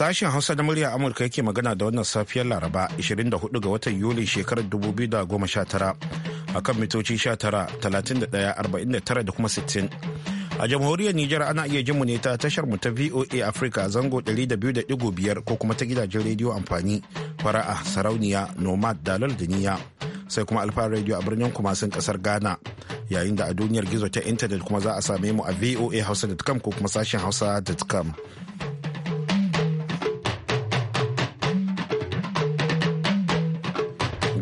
Sashen Hausa na murya Amurka yake magana da wannan safiyar Laraba 24 ga watan Yuli shekarar 2019 akan mitoci 19,31,49 da kuma 60. A jamhuriyar Nijar ana iya jin mu ne ta tashar mu ta VOA Africa zango 200.5 ko kuma ta gidajen rediyo amfani fara a sarauniya nomad dalal duniya sai kuma alfa radio a birnin kumasin kasar Ghana yayin da a duniyar gizo ta intanet kuma za a same mu a voa hausa.com ko kuma sashen hausa.com.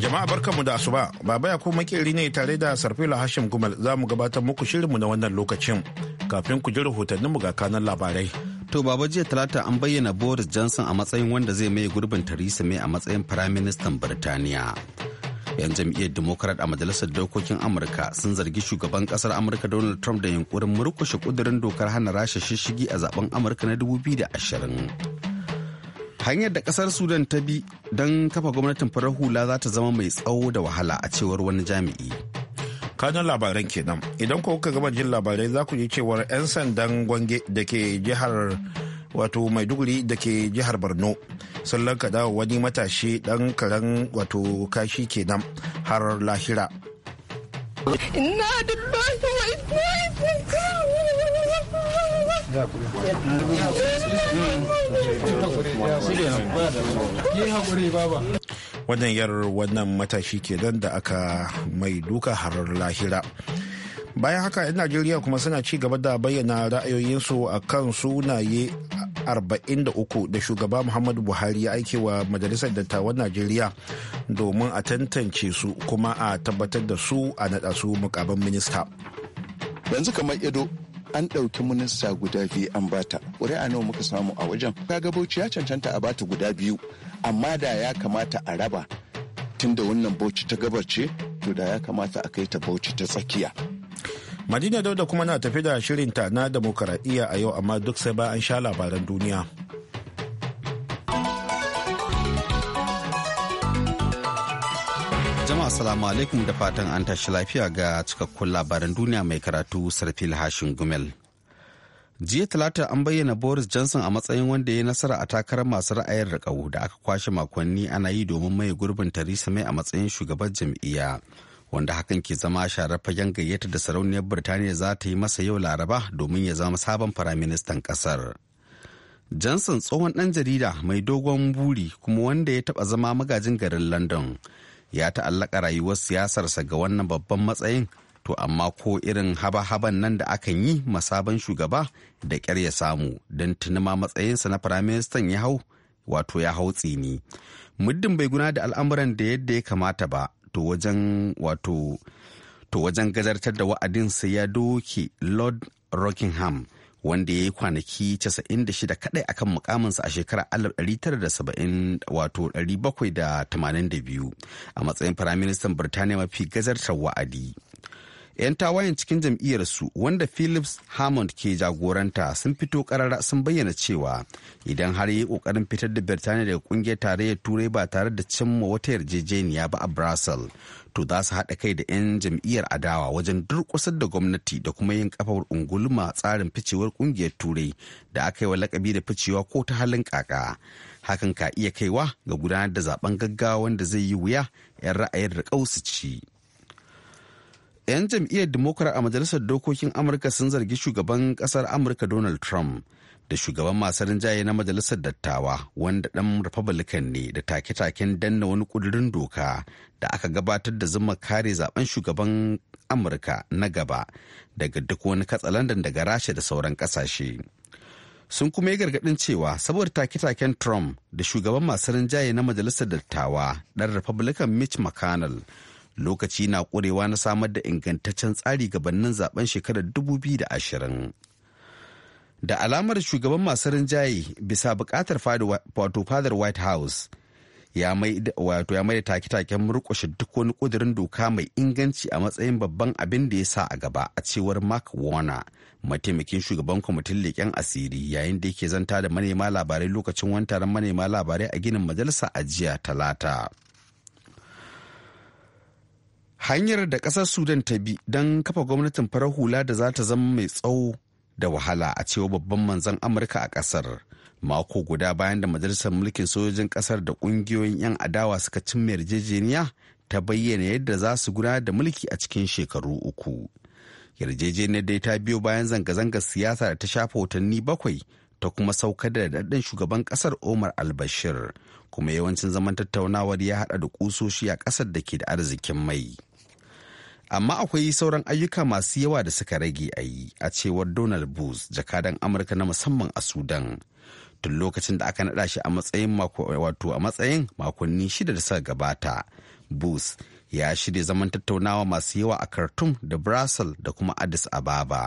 Jama'a barkanmu da asuba, baba ya ko makeri ne tare da Sarfila Hashim Gumal za mu gabatar muku shirinmu na wannan lokacin kafin ku ji rahotanninmu ga kanan labarai. To baba jiya talata an bayyana Boris Johnson a matsayin wanda zai maye gurbin Theresa May a matsayin Firaministan Birtaniya. 'Yan jam'iyyar Democrat a Majalisar Dokokin Amurka sun zargi shugaban kasar Amurka Donald Trump da yunkurin murkushe kudurin dokar hana rasha shishigi a zaben Amurka na 2020. hanyar da kasar sudan ta bi don kafa gwamnatin farar hula za ta zama mai tsawo da wahala a cewar wani jami'i kanan labaran kenan idan ko kuka gama jin labarai za ku ji cewar 'yan sandan gwange da ke jihar wato maiduguri da ke jihar borno sun lankada wani matashi dan karen wato kashi kenan har lahira wannan yar wannan matashi ke nan da aka mai duka harar lahira bayan haka 'yan najeriya kuma suna ci gaba da bayyana ra'ayoyinsu a kan sunaye 43 da shugaba muhammadu buhari ya aike wa majalisar dattawan najeriya domin a tantance su kuma a tabbatar da su a naɗa su mukamin minista yanzu kamar ido. an ɗauki minista guda biyu an bata ƙuri'a nawa muka samu a wajen ga bauchi ya cancanta a bata guda biyu amma da ya kamata a raba tunda wannan bauchi ta gabar ce to da ya kamata a kai ta bauchi ta tsakiya madina dauda kuma na tafi da shirinta na demokaradiyya a yau amma duk sai ba an sha labaran duniya jama'a assalamu alaikum da fatan an tashi lafiya ga cikakkun labaran duniya mai karatu sarfil hashin gumel jiya talata an bayyana boris johnson a matsayin wanda ya nasara a takarar masu ra'ayin rakau da aka kwashe makonni ana yi domin mai gurbin theresa may a matsayin shugaban jam'iyya wanda hakan ke zama sharar fagen gayyata da sarauniyar birtaniya za ta yi masa yau laraba domin ya zama sabon firaministan kasar. johnson tsohon ɗan jarida mai dogon buri kuma wanda ya taba zama magajin garin london ya ta'allaka rayuwar siyasarsa ga wannan babban matsayin to amma ko irin haba-haban nan da akan yi masaban shugaba da ƙyar ya samu don tunima matsayinsa na firaministan ya hau wato ya hau tsini muddin bai guna da al'amuran da yadda ya kamata ba to wajen wato to wajen gazartar da wa'adin sai ya doke lord rockingham wanda ya yi kwanaki 96 kadai a kan mukaminsa a shekarar 1970 wato 782 a matsayin firaministan birtaniya mafi gazartar wa'adi 'yan tawayen cikin jam'iyyarsu wanda philips hammond ke jagoranta sun fito karara sun bayyana cewa idan har yi kokarin fitar da birtaniya daga kungiyar tarayyar turai ba tare da cimma wata yarjejeniya ba a brussels to za su haɗa kai da 'yan jam'iyyar adawa wajen durƙusar da gwamnati da kuma yin kafar ungulma tsarin ficewar kungiyar turai da aka yi wa lakabi da ficewa ko ta halin kaka hakan ka iya kaiwa ga gudanar da zaben gaggawa wanda zai yi wuya 'yan ra'ayin rikau su ci. 'yan jam'iyyar democrat a majalisar dokokin amurka sun zargi shugaban kasar amurka donald trump da shugaban masu rinjaye na majalisar dattawa wanda ɗan republican ne da take-taken danna wani kudurin doka da aka gabatar da zuma kare zaben shugaban amurka na gaba daga duk wani katsalandan daga rasha da sauran ƙasashe sun kuma yi gargaɗin cewa saboda take-taken trump da shugaban masu rinjaye na majalisar dattawa ɗan republican mitch mcconnell lokaci na ƙurewa na samar da ingantaccen tsari gabanin zaben shekarar 2020 da alamar shugaban masu rinjaye bisa bukatar wato fadar white house ya mai da take-taken murƙushe duk wani ƙudurin doka mai inganci a matsayin babban abin da ya sa a gaba a cewar mark warner mataimakin shugaban kwamitin leƙen asiri yayin da yake zanta da manema labarai lokacin wani taron manema labarai a ginin majalisa a jiya talata. hanyar da ƙasar sudan ta bi don kafa gwamnatin farar hula da za ta zama mai tsawo da wahala a cewa babban manzan amurka a ƙasar mako guda bayan da majalisar mulkin sojojin ƙasar da ƙungiyoyin 'yan adawa suka cimma yarjejeniya ta bayyana yadda za su gudanar da mulki a cikin shekaru uku yarjejeniyar dai ta biyo bayan zanga-zangar siyasa da ta shafa watanni bakwai ta kuma saukar da daɗin shugaban ƙasar Omar albashir kuma yawancin zaman tattaunawar ya haɗa da ƙusoshi a ƙasar da ke da arzikin mai. amma akwai sauran ayyuka masu yawa da suka rage a yi a cewar donald booth jakadan amurka na musamman a sudan tun lokacin da aka naɗa shi a matsayin wato a matsayin makonni shida da suka gabata booth ya shirya zaman tattaunawa masu yawa a khartoum da brussels da kuma addis ababa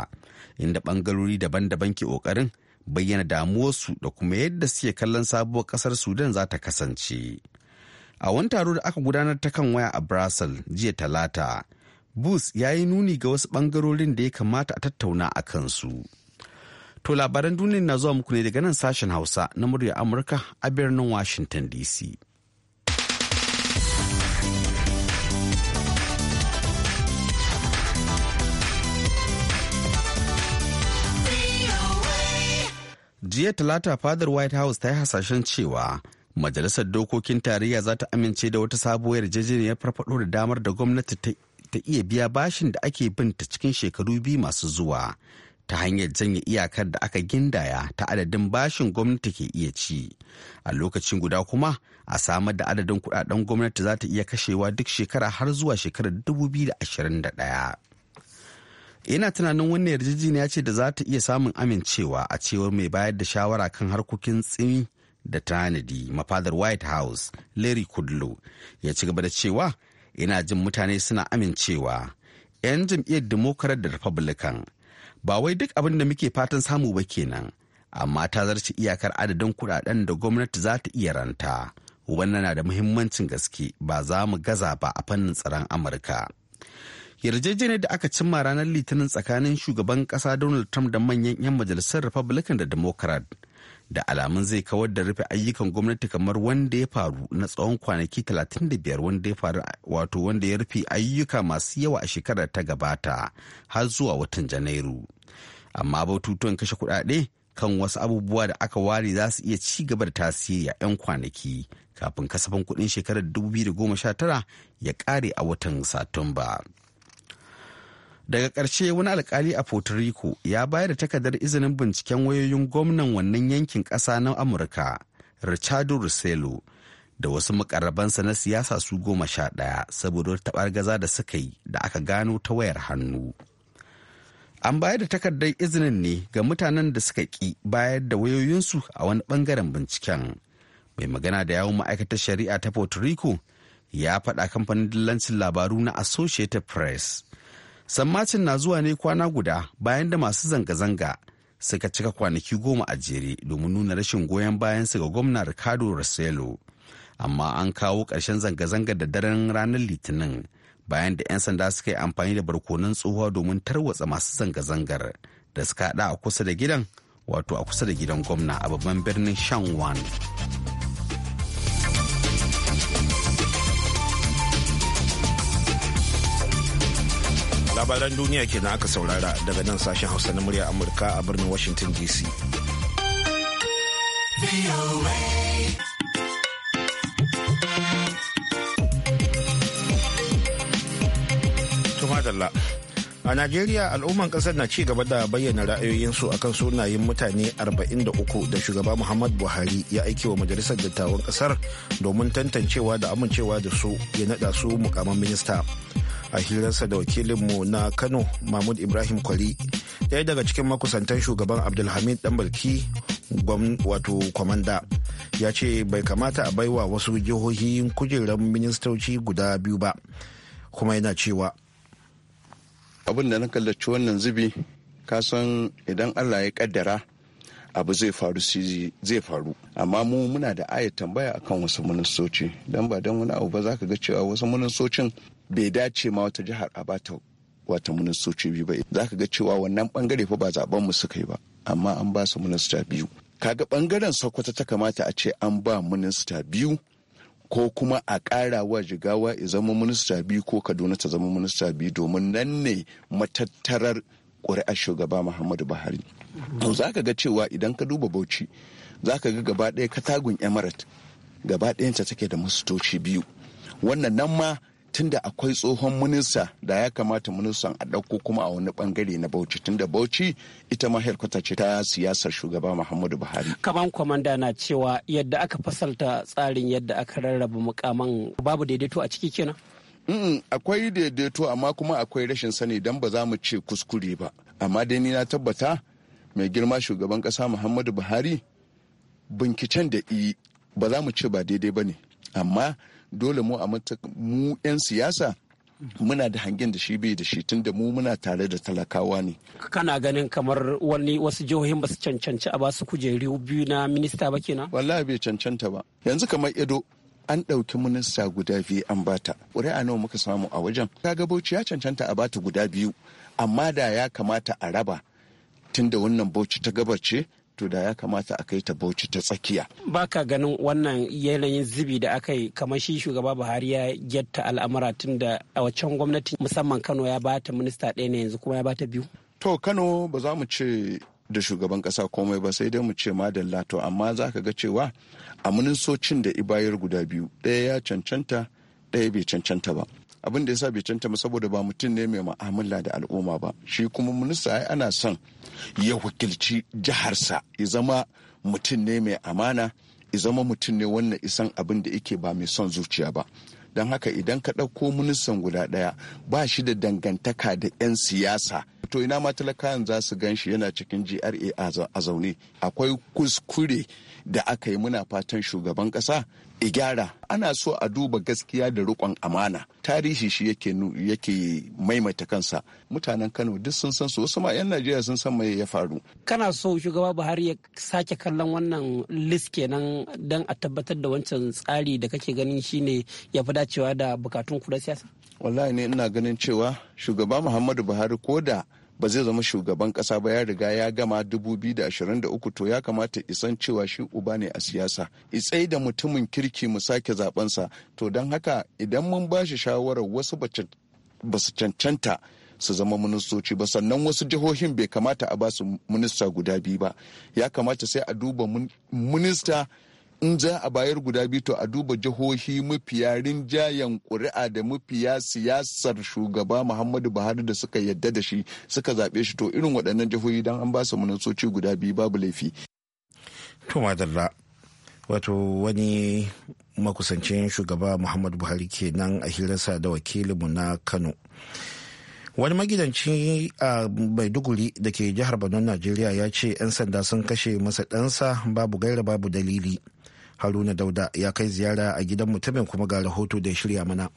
inda bangarori daban-daban ke kokarin bayyana damuwarsu da kuma yadda suke kallon sabuwar kasar sudan za ta kasance a wani taro da aka gudanar ta kan waya a brussels jiya talata Bus ya yi nuni ga wasu ɓangarorin da ya kamata a tattauna a kansu. To labaran duniya na zuwa muku ne daga nan sashen Hausa na murya Amurka a birnin Washington DC. jiya talata fadar white house ta yi hasashen cewa majalisar dokokin tarayya za ta amince da wata sabuwar yarjejeniyar farfado da damar da gwamnati ta ta iya biya bashin da ake binta cikin shekaru biyu masu zuwa ta hanyar janye iyakar da aka gindaya ta adadin bashin gwamnati ke iya ci a lokacin guda kuma a samar da adadin kudaden gwamnati za ta iya kashewa duk shekara har zuwa shekarar da da ashirin 2021 ina tunanin wannan yarjejeniya ce da za ta iya samun amincewa a cewar mai bayar da shawara kan harkokin tsimi da tanadi mafadar white house larry kudlow ya ci gaba da cewa ina jin mutane suna amincewa 'yan jam'iyyar democrat da republican ba wai duk abin da muke fatan samu ba kenan amma ta zarce iyakar adadin kudaden da gwamnati za ta iya ranta wannan na da muhimmancin gaske ba za mu gaza ba a fannin tsaron amurka yarjejeniyar da aka cimma ranar litinin tsakanin shugaban kasa donald trump da manyan 'yan majalisar republican da democrat da alamun zai kawar da rufe ayyukan gwamnati kamar wanda ya faru na tsawon kwanaki 35 wanda ya faru wato wanda ya rufe ayyuka masu yawa a shekarar ta gabata har zuwa watan janairu amma batutuwan kashe kudade kan wasu abubuwa da aka ware za su iya ci gaba da tasiri a 'yan kwanaki kafin kasafin kudin shekarar 2019 ya kare a watan satumba. daga ƙarshe wani alkali a puerto rico ya bayar da takardar izinin binciken wayoyin gwamnan wannan yankin ƙasa na amurka richardo russello da wasu makarabansa na siyasa su goma sha ɗaya saboda taɓar gaza da suka yi da aka gano ta wayar hannu an bayar da takardar izinin ne ga mutanen da suka ƙi bayar da wayoyinsu a wani ɓangaren binciken mai magana da yawon ma'aikatar shari'a ta puerto rico ya faɗa kamfanin dillancin labaru na associated press sammacin na zuwa ne kwana guda bayan da masu zanga-zanga suka cika kwanaki goma a jere domin nuna rashin goyon bayan su ga gwamna ricardo rossello amma an kawo ƙarshen zanga-zanga da daren ranar litinin bayan da 'yan sanda suka yi amfani da barkonon tsohuwa domin tarwatsa masu zanga-zangar da suka haɗa a kusa da gidan wato a kusa da gidan gwamna a babban birnin shanwan labaran duniya kenan aka saurara daga nan sashen hausa na murya amurka a birnin washington dc A Najeriya al'umman kasar na ci gaba da bayyana ra'ayoyinsu akan sunayen mutane 43 da shugaba Muhammad Buhari ya aiki wa majalisar dattawan kasar domin tantancewa da amincewa da su ya nada su mukamman minista. a hirarsa da wakilinmu na kano mahmud ibrahim kwari ɗaya daga cikin makusantan shugaban abdulhamid danbalki wato kwamanda ya ce bai kamata a baiwa wasu jihohi kujerar ministoci guda biyu ba kuma yana cewa abin da na kallaci wannan zubi kasan idan allah ya kaddara abu zai faru zai faru amma mu muna da aya tambaya akan wasu ministoci don ba don wani abu ba za ka ga cewa wasu ministocin bai dace ma wata jihar a bata wata ministoci biyu ba za ka ga cewa wannan bangare fa ba zaben mu suka yi ba amma an ba su minista biyu kaga bangaren sokoto ta kamata a ce an ba minista biyu ko kuma a kara wa jigawa ya zama minista biyu ko kaduna ta zama minista biyu domin nan ne matattarar ƙuri'ar shugaba muhammadu buhari to za ka ga cewa idan ka duba bauchi za ka ga gaba ɗaya katagun emirate gaba ɗayanta take da ministoci biyu wannan nan ma tunda akwai tsohon minista da ya kamata ministan a ɗauko kuma a wani bangare na bauchi tunda bauchi ita ma helkwata ce ta siyasar shugaba muhammadu buhari kaman kwamanda na cewa yadda aka fasalta tsarin yadda aka rarraba mukaman babu daidaito a ciki kenan akwai daidaito amma kuma akwai rashin sani don ba za mu ce kuskure ba amma dai ni na tabbata mai girma shugaban kasa muhammadu buhari binkicen da ba za mu ce ba daidai ba ne amma dole mu a mu 'yan siyasa muna da hangen da shi bai da shi tun da mu muna tare da talakawa ne. Kana ganin kamar wani wasu jihohin ba su cancanci a basu kujeru biyu na minista ba kenan? Wallahi bai cancanta ba. Yanzu kamar Edo an ɗauki minista guda biyu an bata. Ƙuri'a nawa muka samu a wajen. ga Bauchi ya cancanta a bata guda biyu amma da ya kamata a raba tun da wannan Bauchi ta gabace to da ya kamata a kai ta bauchi ta tsakiya. ba ka ganin wannan yanayin zibi da aka yi kamar shi shugaba Buhari ya getta al'amura tun da a waccan gwamnati musamman Kano ya ba ta minista ɗaya ne yanzu kuma ya ba ta biyu. To Kano ba za mu ce da shugaban kasa komai ba sai dai mu ce madalla to amma za ka ga cewa a munisocin da ibayar guda biyu ɗaya ya cancanta ɗaya bai cancanta ba. abin da ya sa bai canta cancanta saboda ba mutum ne mai ma'amala da al'umma ba shi kuma minista ai ana son ya wakilci jiharsa ya zama mutum ne mai amana ya zama mutum ne wannan isan abin da yake ba mai son zuciya ba don haka idan ka ɗauko ministan guda ɗaya ba shi da dangantaka da 'yan siyasa to ina ma talakawan za su gan shi yana cikin gra a zaune akwai kuskure da aka yi muna fatan shugaban ƙasa gyara ana so a duba gaskiya da riƙon amana tarihi shi yake yake maimaita kansa mutanen kano duk sun san su wasu ma 'yan najeriya sun san mai ya faru kana so shugaba buhari ya sake kallon wannan list kenan don a tabbatar da wancan tsari da kake ganin shine ya fi dacewa da bukatun ku siyasa wallahi ne ina ganin cewa shugaba muhammadu buhari ko da ba zai zama shugaban kasa ba ya riga ya gama 2023 to ya kamata isan cewa shi uba ne a siyasa itsai da mutumin kirki mu sake zabansa to don haka idan mun ba shi shawarar wasu ba su cancanta su zama ministoci ba sannan wasu jihohin bai kamata a ba su minista guda biyu ba ya kamata sai a duba minista in za a bayar guda biyu to a duba jihohi mafiya rinjayen ƙuri'a da mafiya siyasar shugaba muhammadu buhari da suka yadda da shi suka zaɓe shi to irin waɗannan jihohi don an ba su manasoci guda biyu babu laifi. to madalla wato wani makusancin shugaba muhammadu buhari kenan a hirarsa da wakilinmu na kano. wani magidanci a maiduguri da ke jihar borno najeriya ya ce 'yan sanda sun kashe masa ɗansa babu gaira babu dalili haruna dauda ya kai ziyara a gidan mutumin kuma ga rahoto da ya shirya mana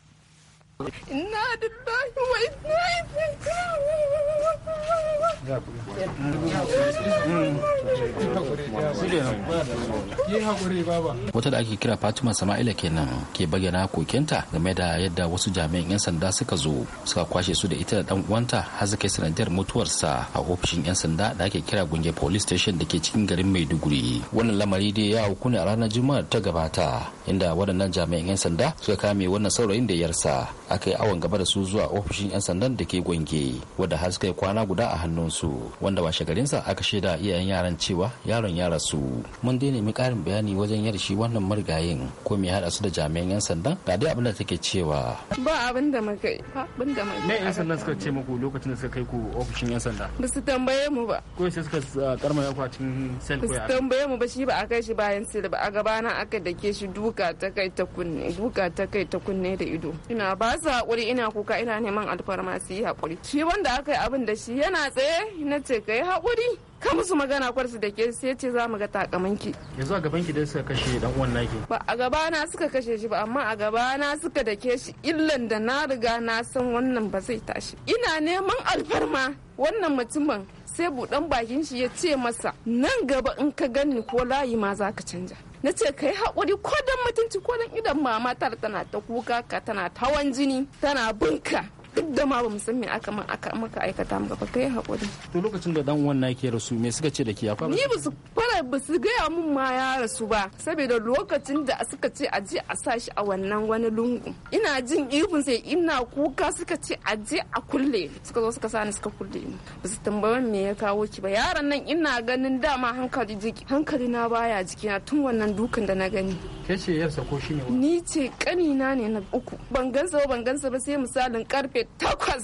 wata da ake kira fatima sama'ila kenan ke bayyana kokenta game da yadda wasu jami'an 'yan sanda suka zo suka kwashe su da ita da dan uwanta har suka yi sanadiyar mutuwarsa a ofishin 'yan sanda da ake kira gunge police station da ke cikin garin maiduguri wannan lamari dai ya hukuni a ranar juma'ar ta gabata inda waɗannan jami'an 'yan sanda suka kame wannan saurayin da yarsa aka yi awon gaba da su zuwa ofishin 'yan sandan da ke gwange wadda har suka yi kwana guda a hannunsu wanda washe garinsa aka shaida iyayen yaran cewa yaron ya rasu mun dai nemi ƙarin bayani wajen yar shi wannan marigayin ko me haɗa su da jami'an 'yan sandan ga dai abin da take cewa ba abin da kai yi ba abin da muka yi 'yan sandan suka ce muku lokacin da suka kai ku ofishin 'yan sanda ba su tambaye mu ba ko sai suka ah, karma yakwa cikin sel ko ya ba su tambaye mu ba shi ba a kai shi bayan sel ba a gabana aka dake shi duka buga ta kai ta kunne buga ta kai ta kunne da ido ina ba su hakuri ina kuka ina neman alfarma su yi hakuri shi wanda aka yi abin da shi yana tsaye na ce ka yi hakuri ka musu magana kwarsu da ke sai ce za mu ga takamanki yanzu a gaban ki dai suka kashe dan uwan naki ba a gaba na suka kashe shi ba amma a gaba na suka dake shi illan da na riga na san wannan ba zai tashi ina neman alfarma wannan mutumin sai buɗan bakin shi ya ce masa nan gaba in ka gani ko layi ma za ka canja na ce ka yi haƙuri ko don mutunci ko don idan mama tana ta kuka ka tana hawan jini tana binka duk da ma bamu san me aka aka maka aikata muka fa kai hakuri to lokacin da dan uwan nake rasu me suka ce da ke akwai ni su fara ba ga gaya mun ma ya rasu ba saboda lokacin da suka ce a je a sa a wannan wani lungu ina jin ihun sai ina kuka suka ce a je a kulle suka zo suka sani suka kulle ni basu tambayar me ya kawo ki ba yaran nan ina ganin dama hankali hankali na baya jikina tun wannan dukan da na gani ke ce yarsa ko shi ne ni ce kanina ne na uku ban gansa ba ban gansa ba sai misalin karfe takwas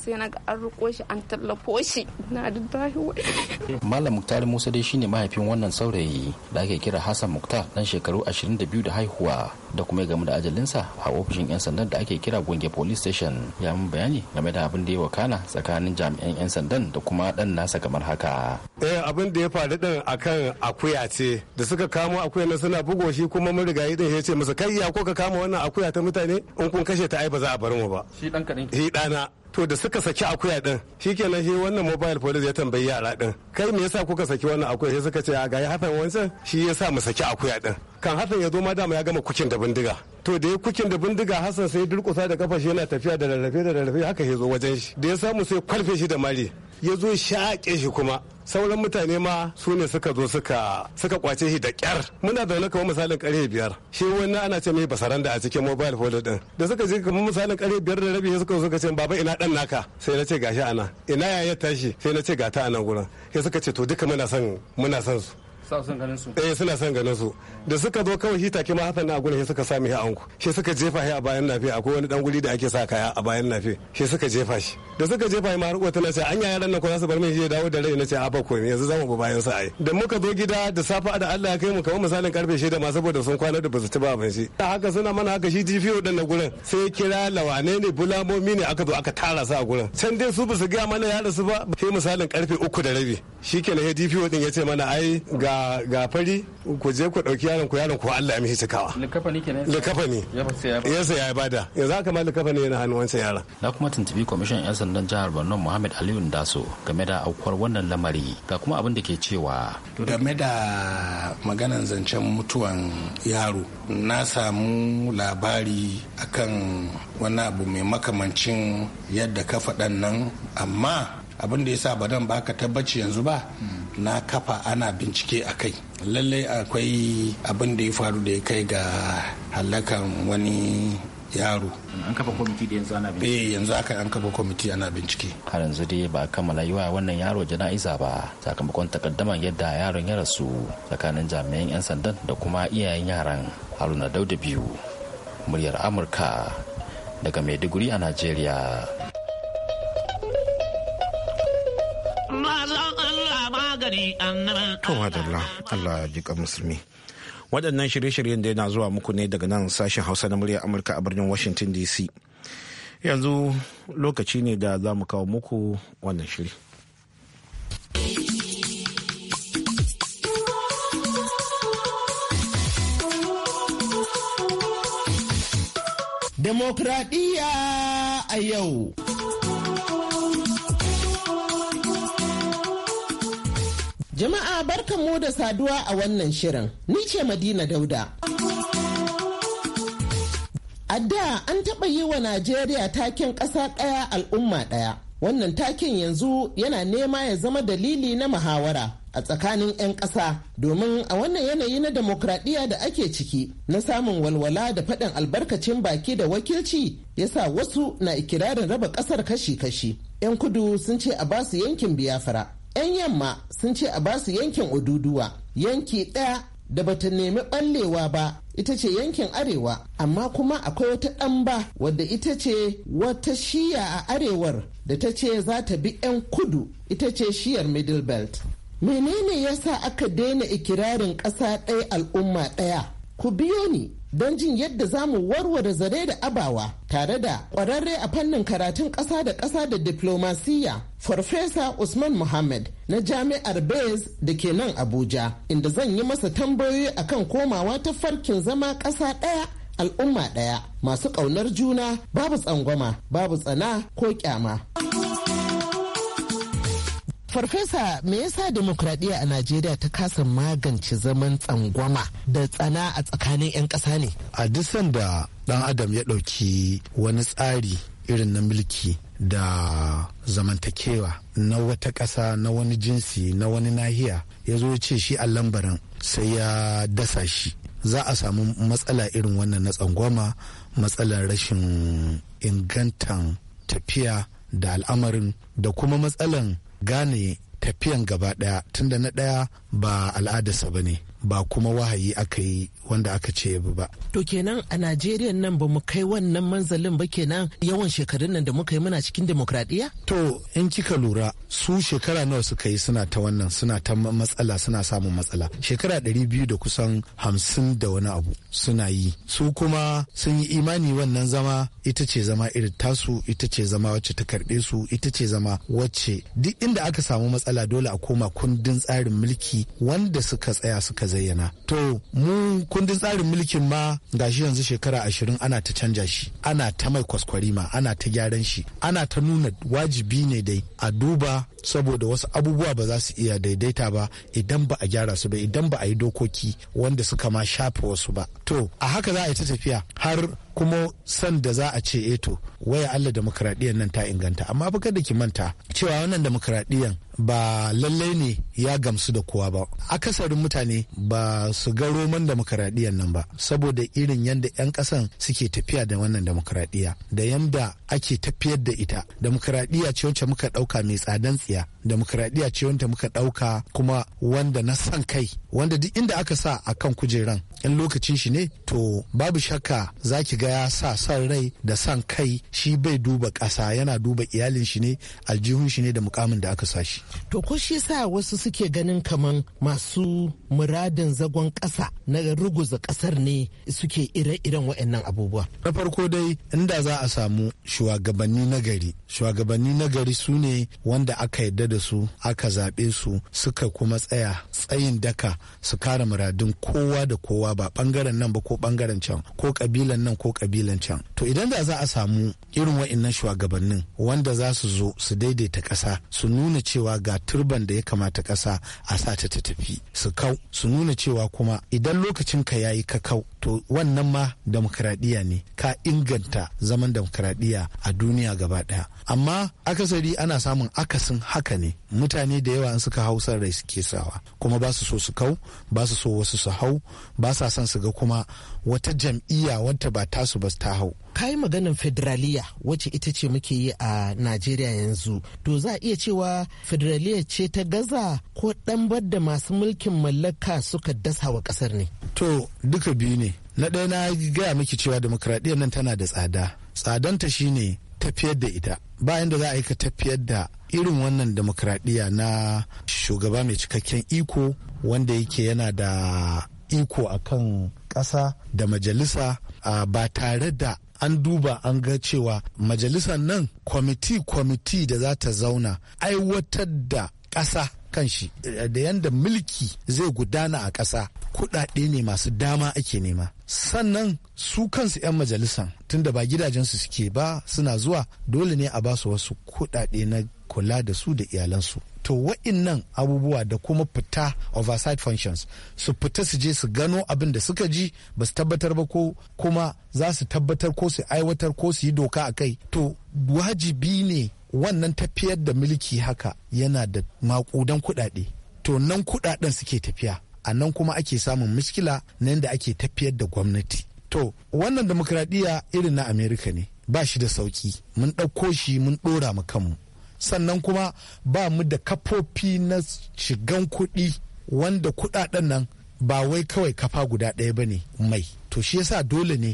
sai na ga an riko shi an tallafo shi na da malam muktar musa dai shine mahaifin wannan saurayi da ake kira hassan muktar dan shekaru 22 da haihuwa da kuma game da ajalinsa a ofishin 'yan sandan da ake kira gwange police station ya mun bayani game da abin da ya wa kana tsakanin jami'an 'yan sandan da kuma dan nasa kamar haka eh abin da ya faru din akan akuya ce da suka kamo akuya na suna bugo shi kuma mun riga din ya ce masa kai ya ko ka kama wannan akuya ta mutane in kun kashe ta ai ba za a bar mu ba shi dan kadin shi dana to da suka saki akuya din shikenan shi wannan mobile police ya tambayi yara din kai me yasa kuka saki wannan akuya sai suka ce a ga ya hafan wancan shi yasa mu saki akuya din kan Hassan ya zo ma dama ya gama kukin da bindiga to da ya kukin da bindiga Hassan sai durkusa da kafa shi yana tafiya da rarrafe da rarrafe haka ya zo wajen shi da ya samu sai kwalfe shi da mari ya zo shaƙe shi kuma sauran mutane ma su ne suka zo suka suka kwace shi da kyar muna da kamar misalin kare biyar shi wani ana ce mai basaran da a cikin mobile phone din da suka je kamar misalin kare biyar da rabi suka zo suka ce baba ina dan naka sai na ce gashi ana ina yaya tashi sai na ce ga ta anan gurin sai suka ce to duka muna son muna son su eh suna son ganin su da suka zo kawai shi take ma hasan na gurin shi suka sami hi anku shi suka jefa shi a bayan nafe akwai wani dan guri da ake sa kaya a bayan nafe shi suka jefa shi da suka jefa ma ruwa na ce anya yaran nan ko za su bar min je dawo da rai na ce a bako ne yanzu za mu bi bayan sa ai da muka zo gida da safa da Allah ya kai mu kamar misalin karfe 6 ma saboda sun kwana da basu ci ba abinci haka suna mana haka shi GPO din na gurin sai kira lawane ne bulamomi ne aka zo aka tara su a gurin can dai su basu gaya mana yara su ba sai misalin karfe uku da rabi shi shikenan ya GPO din ya ce mana ai ga ga fari ku je ku ɗauki yaron ku yaron ku Allah ya mishi cikawa. Likafani kenan. Likafani. Ya saya ya bada. Yanzu haka ma ne yana hannun wancan yaron. Na kuma tuntubi kwamishin 'yan sandan jihar Borno Muhammad Aliyu Daso game da aukuwar wannan lamari ga kuma abin da ke cewa. Game da maganan zancen mutuwan yaro na samu labari akan wani abu mai makamancin yadda ka faɗan nan amma abin da ya sa ba ba baka tabbaci yanzu ba na kafa ana bincike a kai lallai akwai abin da ya faru da ya kai ga halakan wani yaro an kafa kwamiti da yanzu ana bincike eh yanzu aka an kafa kwamiti ana bincike har yanzu dai ba kammala yiwa wannan yaro jana'iza ba sakamakon takaddaman yadda yaron ya rasu tsakanin jami'an yan sandan da kuma iyayen yaran haruna dauda biyu muryar amurka daga maiduguri a najeriya To Allah ji musulmi. Waɗannan shirye-shiryen da yana zuwa muku ne daga nan sashen Hausa na murya Amurka a birnin Washington DC. Yanzu lokaci ne da za mu kawo muku wannan shiri. Demokradiyya a yau. Jama'a mu da saduwa a wannan shirin. Ni ce Madina Dauda. A da an taɓa yi wa Najeriya taken ƙasa ɗaya al'umma ɗaya. Wannan taken yanzu yana nema ya zama dalili na muhawara a tsakanin 'yan ƙasa domin a wannan yanayi na demokradiyya da ake ciki na samun walwala da faɗin albarkacin baki da wakilci yasa wasu na ikirarin raba ƙasar kashi-kashi. 'Yan kudu sun ce a basu yankin biyafara. 'yan yamma sun ce a basu yankin ududuwa yanki ɗaya da bata nemi ɓallewa ba ita ce yankin arewa amma kuma akwai wata ɗamba wadda ita ce wata shiya a arewar da ta ce za ta bi 'yan kudu ita ce shiyar middle belt menene yasa aka daina ikirarin ƙasa ɗaya al'umma ɗaya ku biyo ni don jin yadda za mu warware zare da abawa tare da ƙwararre a fannin karatun ƙasa da ƙasa da diplomasiya farfesa usman muhammad na jami'ar bez da ke nan abuja inda zan yi masa tambayoyi akan komawa ta farkin zama ƙasa ɗaya al'umma ɗaya masu ƙaunar juna babu tsangwama babu tsana ko ƙyama. Farfesa me yasa demokradiyya a Najeriya ta kasa magance zaman tsangwama da tsana a tsakanin 'yan ƙasa ne? A duk sanda ɗan adam ya ɗauki wani tsari irin na mulki da zamantakewa na wata ƙasa na wani jinsi na wani nahiya ya zo ce shi a lambarin sai ya dasa shi za a samu matsala irin wannan na tsangwama matsalar rashin ingantan tafiya da al'amarin da kuma matsalan gane tafiyan gaba daya tunda na daya ba al'adarsa ba ne ba kuma wahayi aka yi wanda aka ce yabi ba. To kenan a Najeriya nan ba mu kai wannan manzalin ba kenan yawan shekarun nan da muka yi muna cikin demokradiyya? To in kika lura su shekara nawa suka yi suna ta wannan suna ta matsala suna samun matsala. Shekara ɗari biyu da kusan hamsin da wani abu suna yi. Su kuma sun yi imani wannan zama ita ce zama irin tasu ita ce zama wacce ta karɓe su ita ce zama wacce duk inda aka samu matsala dole a koma kundin tsarin mulki wanda suka tsaya suka zayyana to mu kundin tsarin mulkin ma gashi yanzu shekara ashirin ana ta canja shi ana ta mai kwaskwarima ana ta gyaran shi ana ta nuna wajibi ne dai a duba saboda wasu abubuwa ba za su iya daidaita ba idan ba a gyara su ba idan ba a yi dokoki wanda suka ma shafe wasu ba to a haka za a yi ta tafiya har kuma san da za a ce eto eh waya Allah demokradiyyar nan ta inganta amma fa kada ki manta cewa wannan demokradiyyar ba lallai ne ya gamsu da kowa ba akasarin mutane ba su ga roman demokradiyyar nan ba saboda irin yadda 'yan kasan suke tafiya da wannan demokradiyya da yadda ake tafiyar da ita demokradiyya ce wacce muka dauka mai tsadan tsiya demokradiyya ce wanda muka dauka kuma wanda na san kai wanda duk inda aka sa akan kujeran in lokacin shi ne to babu shakka za ki ga ya sa san rai da san kai shi bai duba ƙasa yana duba iyalin shi ne aljihun shi ne da mukamin da aka sa shi. To ko shi sa wasu suke ganin kamar masu muradin zagon ƙasa na ruguza ƙasar ne suke ire-iren waɗannan abubuwa. Na farko dai inda za a samu shugabanni na gari. Shugabanni na gari su ne wanda aka yarda da su aka zaɓe su suka kuma tsaya tsayin daka su kare muradin kowa da kowa cewa ba bangaren nan ba ko bangaren can ko kabilan nan ko kabilan can to idan da za a samu irin wa'annan shugabannin wanda za su zo su daidaita kasa su nuna cewa ga turban da ya kamata kasa a sa ta tafi su kau su nuna cewa kuma idan lokacin ka yayi ka kau to wannan ma demokradiyya ne ka inganta zaman demokradiyya a duniya gaba daya amma akasari ana samun akasin haka ne mutane da yawa in suka hausar rai suke sawa kuma ba su so su kau ba su so wasu su hau ba su sa son su ga kuma wata jam'iyya wadda ba tasu ba ta hau kayi maganin federaliya wacce ita ce muke yi a najeriya yanzu to za a iya cewa federaliya ce ta gaza ko ɗambar da masu mulkin mallaka suka dasa wa ƙasar ne to duka biyu ne na ɗaya na gaya miki cewa demokradiyyar nan tana da tsada tsadanta shine tafiyar da ita bayan da za a yi ka tafiyar da irin wannan demokradiyya na shugaba mai cikakken iko wanda yake yana da iko akan ƙasa da majalisa ba tare da an duba an ga cewa majalisar nan kwamiti-kwamiti da za ta zauna aiwatar da ƙasa kan shi da yadda mulki zai gudana a ƙasa kuɗaɗe ne masu dama ake nema sannan su kansu 'yan majalisan tunda ba gidajensu suke ba suna zuwa dole ne a basu wasu kuɗaɗe na kula da su da iyalansu to wa'innan abubuwa da kuma fita oversight functions su fita su je su gano abin da suka ji ba su tabbatar ba ko kuma za su tabbatar ko su aiwatar ko su yi doka a kai to wajibi ne wannan tafiyar da mulki haka yana da makudan kuɗaɗe to nan kuɗaɗen suke tafiya a nan kuma ake samun miskila nan da ake tafiyar da gwamnati to wannan demokradiyya irin na amerika ne ba shi da sauki mun ɗauko shi mun ɗora mu kanmu sannan kuma ba mu da kafofi na shigan kuɗi wanda kuɗaɗen nan ba wai kawai kafa guda ɗaya ba ne mai to shi yasa dole ne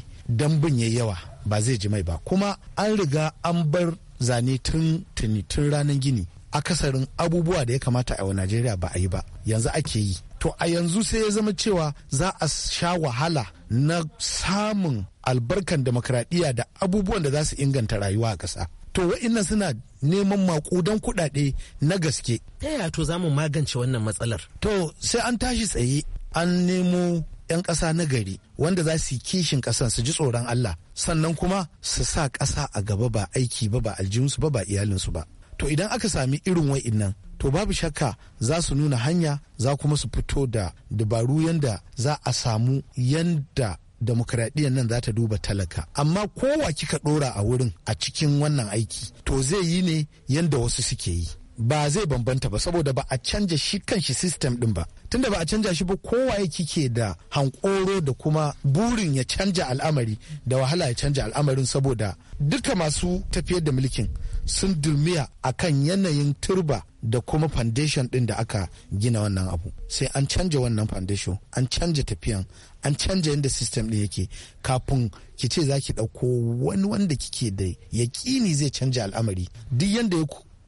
bin ya yawa ba zai ji mai ba kuma an riga an bar zane tun tuni tun ranar gini akasarin abubuwa da ya kamata a najeriya ba a yi ba yanzu ake yi to a yanzu sai ya zama cewa za a sha wahala na samun albarkan demokradiyya da abubuwan da za su inganta rayuwa a ƙasa to wa'innan suna neman makudan kuɗaɗe na gaske ta yaya to za mu magance wannan matsalar to sai an tashi tsaye an nemo 'yan ƙasa na gari wanda za su kishin ƙasan su ji tsoron Allah sannan kuma su sa ƙasa a gaba ba aiki ba ba aljihunsu ba ba iyalinsu ba to idan aka sami irin wa'innan to babu shakka za su nuna hanya za kuma su fito da dabaru yanda za a samu yanda demokradiyyar nan za ta duba talaka amma kowa kika dora a wurin a cikin wannan aiki to zai yi ne yadda wasu suke yi ba zai bambanta ba saboda ba a canja shi kan shi system din ba tunda ba a canja shi ba kowa ya kike da hankoro da kuma burin ya canja al'amari da wahala ya canja al'amarin saboda duka masu tafiyar da mulkin sun dulmiya kan yanayin turba da kuma foundation din da aka gina wannan abu sai an canja wannan foundation an canja tafiyan an canja yadda system din yake kafin ki ce za ki ɗauko wani wanda kike da yaƙini zai canja al'amari duk yadda ya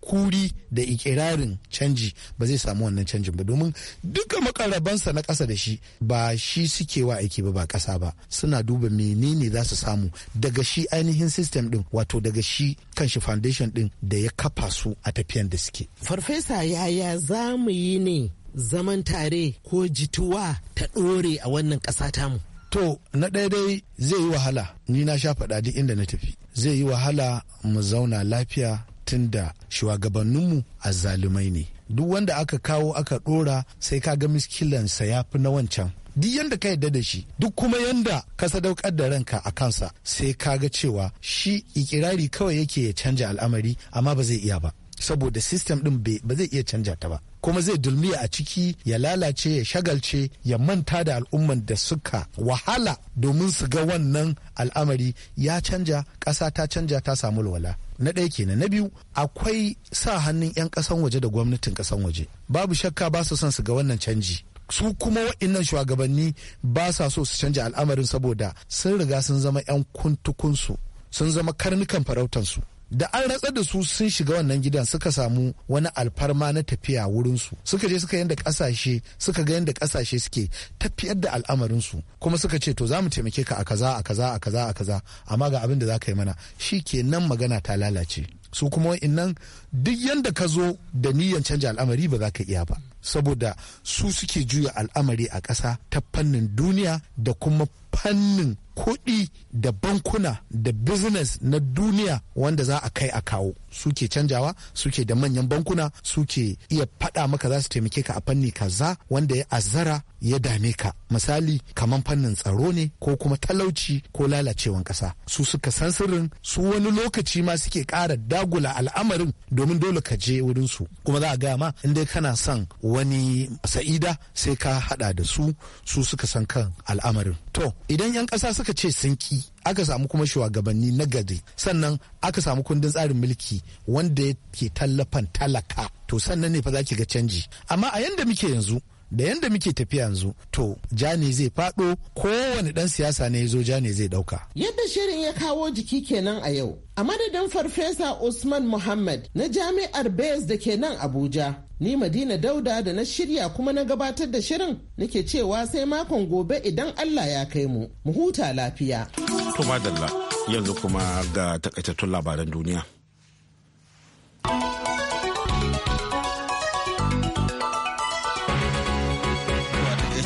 kuri da ikirarin canji ba zai samu wannan canjin ba domin duka makarabansa na ƙasa da shi ba shi suke wa aiki ba ba ƙasa ba suna duba menene za su samu daga shi ainihin system din wato daga shi kanshi foundation din da ya kafa su a tafiyan da suke farfesa yaya za mu yi ne zaman tare ko jituwa ta ɗore a wannan ƙasa tamu to na ɗaya dai zai yi wahala ni na sha faɗa duk inda na tafi zai yi wahala mu zauna lafiya tunda shugabanninmu azzalumai ne duk wanda aka kawo aka dora sai ka ga miskilansa ya fi na wancan duk yanda ka yadda da shi duk kuma yanda ka sadaukar da ranka a kansa sai ka ga cewa shi ikirari kawai yake ya canja al'amari amma ba zai iya ba saboda system din ba zai iya canja ta ba kuma zai dulmiya a ciki ya lalace ya shagalce ya manta da al'umman da suka wahala domin su ga wannan al'amari ya canja ƙasa ta canja ta samu walwala na ɗaya kenan na biyu akwai sa hannun 'yan ƙasan waje da gwamnatin ƙasan waje babu shakka ba su son su ga wannan canji su kuma waɗannan shugabanni ba sa so su canja al'amarin saboda sun riga sun zama 'yan kuntukunsu sun zama karnukan farautansu da an ratsa da su sun shiga wannan gidan suka samu wani alfarma na tafiya wurinsu suka je suka yanda kasashe suka ga yanda kasashe suke tafiyar da al'amarinsu kuma suka ce to za mu taimake ka a kaza a kaza a kaza a kaza amma ga abin da za ka yi mana shi ke nan magana ta lalace su kuma nan duk yanda ka zo da niyyar canja al'amari ba za ka iya ba saboda su suke juya al'amari a ƙasa ta fannin duniya da kuma fannin kuɗi da bankuna da business na duniya wanda za a kai a kawo suke canjawa suke da manyan bankuna suke iya faɗa maka za su taimake ka a fanni kaza wanda ya azara ya dame ka misali kamar fannin tsaro ne ko kuma talauci ko lalacewan ƙasa su suka san sirrin su wani lokaci ma suke ƙara dagula al'amarin domin dole ka je wurin su kuma za a gaya ma in dai kana son wani sa'ida sai ka hada da su su suka san kan al'amarin to idan 'yan ƙasa suka ce sun ki aka samu kuma shugabanni na gari sannan aka samu kundin tsarin mulki wanda ke tallafan talaka to sannan ne fa za ki ga canji amma a yanda muke yanzu da yadda muke tafiya yanzu to jani zai faɗo kowane ɗan siyasa ne ya zo jani zai ɗauka. Yadda shirin ya kawo jiki kenan a yau. A madadin Farfesa Usman Muhammad na Jami'ar Bez da ke nan Abuja, ni Madina Dauda da na shirya kuma na gabatar da shirin nake cewa sai makon gobe idan Allah ya kai mu, mu huta lafiya. To madalla yanzu kuma ga takaitattun labaran duniya.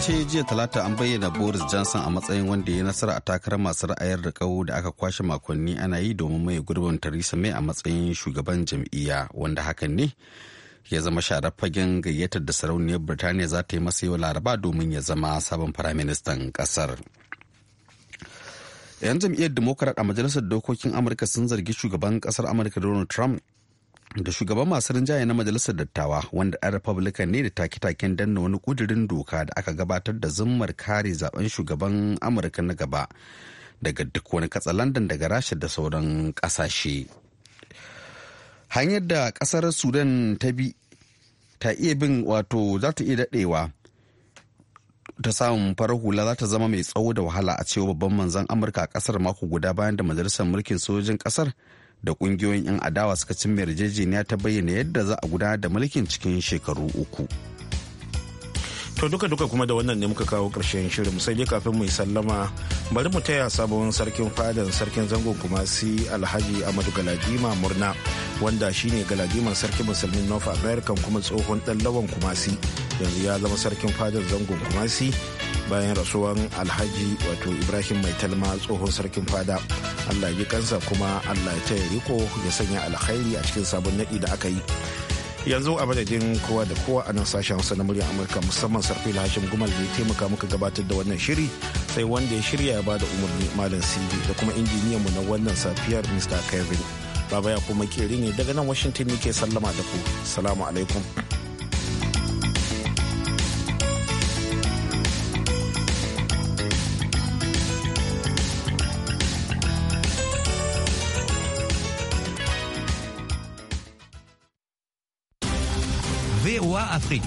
ce jiya talata an bayyana boris johnson a matsayin wanda ya nasara a takarar masu ra'ayar da kawo da aka kwashe makonni ana yi domin mai gurbin theresa may a matsayin shugaban jam'iyya wanda hakan ne ya zama sharar fagen gayyatar da sarauniyar birtaniya za ta yi masa yau laraba domin ya zama sabon firaministan kasar yan jam'iyyar democrat a majalisar dokokin amurka sun zargi shugaban kasar amurka donald trump da shugaban masu rinjaye na majalisar dattawa wanda ɗan republican ne da take-taken danna wani ƙudurin doka da aka gabatar da zummar kare zaben shugaban amurka na gaba daga duk wani katsalandan daga rasha da sauran kasashe. hanyar da kasar sudan ta bi ta iya bin wato za ta iya daɗewa ta samun farar hula za ta zama mai tsawo da wahala a cewa babban manzan amurka a kasar mako guda bayan da majalisar mulkin sojin ƙasar da kungiyoyin 'yan adawa suka cin yarjejeniya ta bayyana yadda za a gudanar da mulkin cikin shekaru uku. To duka duka kuma da wannan ne muka kawo karshen shirin sai dai kafin mu yi sallama bari mu taya sabon sarkin fadan sarkin zangon kumasi alhaji amadu galadima murna wanda shine galadiman sarkin musulmin north america kuma tsohon dan lawan kumasi yanzu ya zama sarkin fadan zangon kumasi bayan rasuwan alhaji wato ibrahim mai talma tsohon sarkin fada allah ya kansa kuma allah ta riko ya sanya alkhairi a cikin sabon naɗi da aka yi yanzu a madadin kowa da kowa a nan sashen hausa na muryar amurka musamman sarfi hashim gumal ne taimaka muka gabatar da wannan shiri sai wanda ya shirya ya bada umarni malam cv da kuma injiniyan mu na wannan safiyar mr kevin baba ya kuma keri ne daga nan washington ne ke sallama da ku salamu alaikum Afrique.